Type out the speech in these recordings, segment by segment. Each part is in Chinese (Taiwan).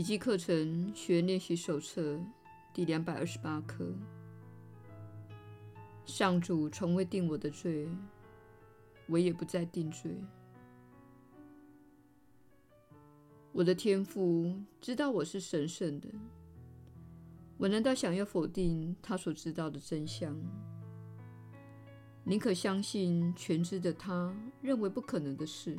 奇蹟課程學練習手冊第兩百二十八課。上主從未定我的罪，我也不再定罪。我的天父知道我是神聖的，我難道想要否定他所知道的真相？寧可相信全知的他認為不可能的事。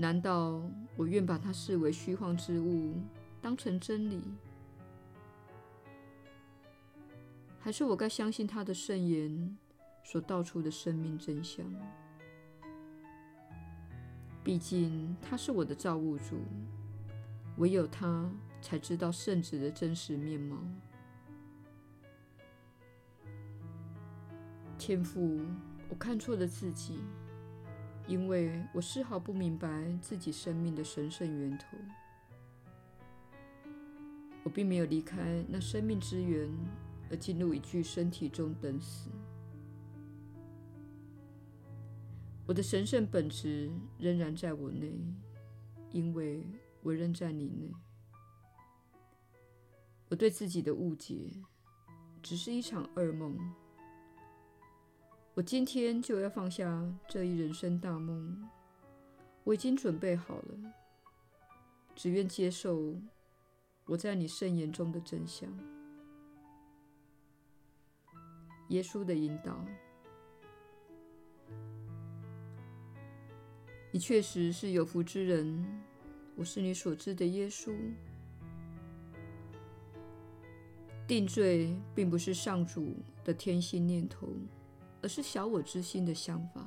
難道我願把它視為虛幻之物，當成真理？還是我該相信他的聖言所道出的生命真相？畢竟他是我的造物主，唯有他才知道聖子的真實面貌。天父，我看錯了自己。因為我絲毫不明白自己生命的神聖源頭，我並沒有離開那生命之源而進入一具身體中等死。我的神聖本質仍然在我內，因為我仍在你內。我對自己的誤解，只是一場噩夢。我今天就要放下這一人生大夢，我已經準備好了，只願接受我在你聖言中的真相。耶穌的引導，你確實是有福之人，我是你所知的耶穌。定罪並不是上主的天心念頭，而是小我之心的想法，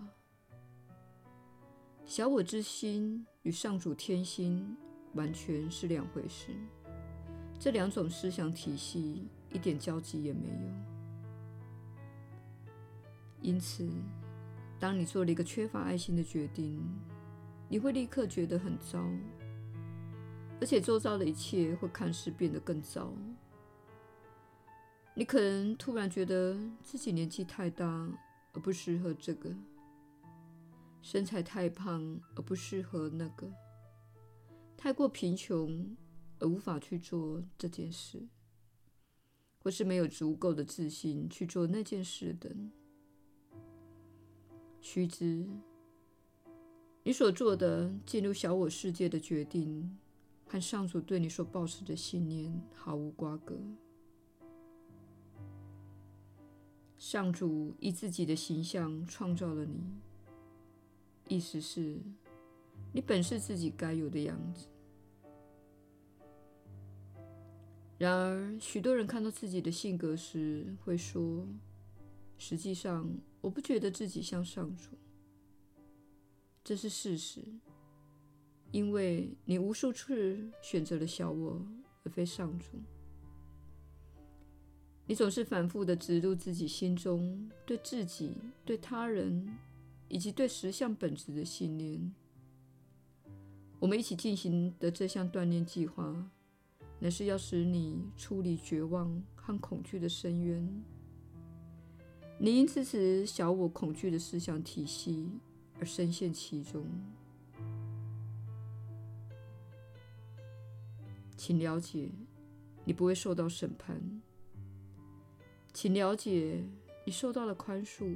小我之心與上主天心完全是兩回事，這兩種思想體系一點交集也沒有。因此，當你做了一個缺乏愛心的決定，你會立刻覺得很糟，而且周遭的一切會看似變得更糟。你可能突然覺得自己年紀太大而不適合這個，身材太胖而不適合那個，太過貧窮而無法去做這件事，或是沒有足夠的自信去做那件事的。須知，你所做的進入小我世界的決定，和上主對你所抱持的信念毫無瓜葛。上主以自己的形象創造了你，意思是，你本是自己該有的樣子。然而，許多人看到自己的性格時，會說：“實際上，我不覺得自己像上主。”這是事實，因為你無數次選擇了小我，而非上主。你總是反覆的植入自己心中對自己、對他人以及對實相本質的信念。我們一起進行的這項鍛鍊計劃，乃是要使你出離絕望和恐懼的深淵。你因支持小我恐懼的思想體系而深陷其中。請了解，你不會受到審判。請了解，你受到了寬恕。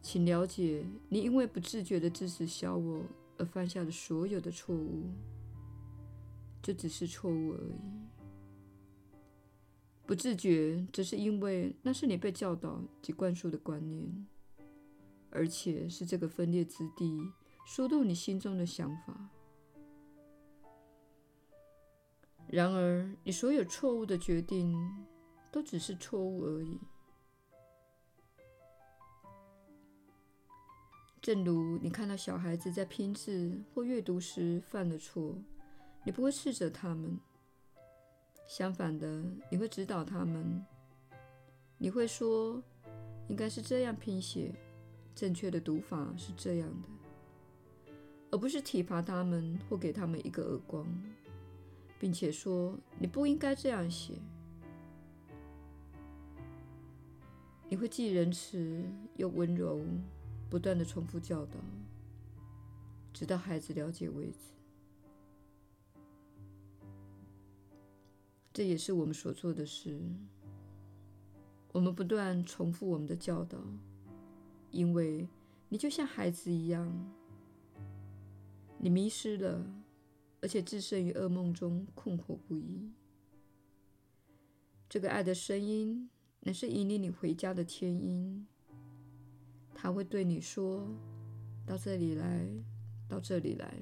請了解，你因為不自覺的支持小我而犯下的所有的錯誤，這只是錯誤而已。不自覺，只是因為那是你被教導及灌輸的觀念，而且是這個分裂之地，輸入你心中的想法。然而，你所有錯誤的決定，都只是錯誤而已。正如你看到小孩子在拼字或閱讀時犯了錯，你不會斥責他們，相反的，你會指導他們。你會說：“應該是這樣拼寫，正確的讀法是這樣的”，而不是體罰他們或給他們一個耳光，並且說：“你不應該這樣寫。”你會既仁慈又溫柔，不斷地重複教導，直到孩子了解為止。這也是我們所做的事。我們不斷重複我們的教導，因為你就像孩子一樣，你迷失了，而且置身於噩夢中，困惑不已。這個愛的聲音，乃是引領你回家的天音，他會對你說：“到這裡來，到這裡來，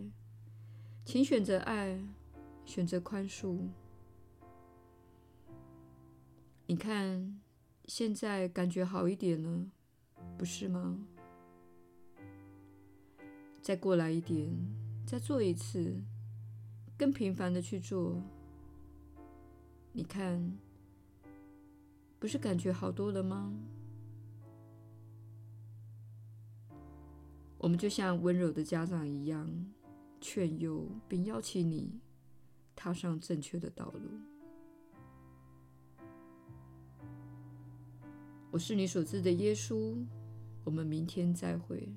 請選擇愛，選擇寬恕。”你看，現在感覺好一點了，不是嗎？再過來一點，再做一次，更頻繁的去做。你看。不是感覺好多了嗎？我們就像溫柔的家長一樣，勸誘並邀請你踏上正確的道路。我是你所知的耶穌。我們明天再會。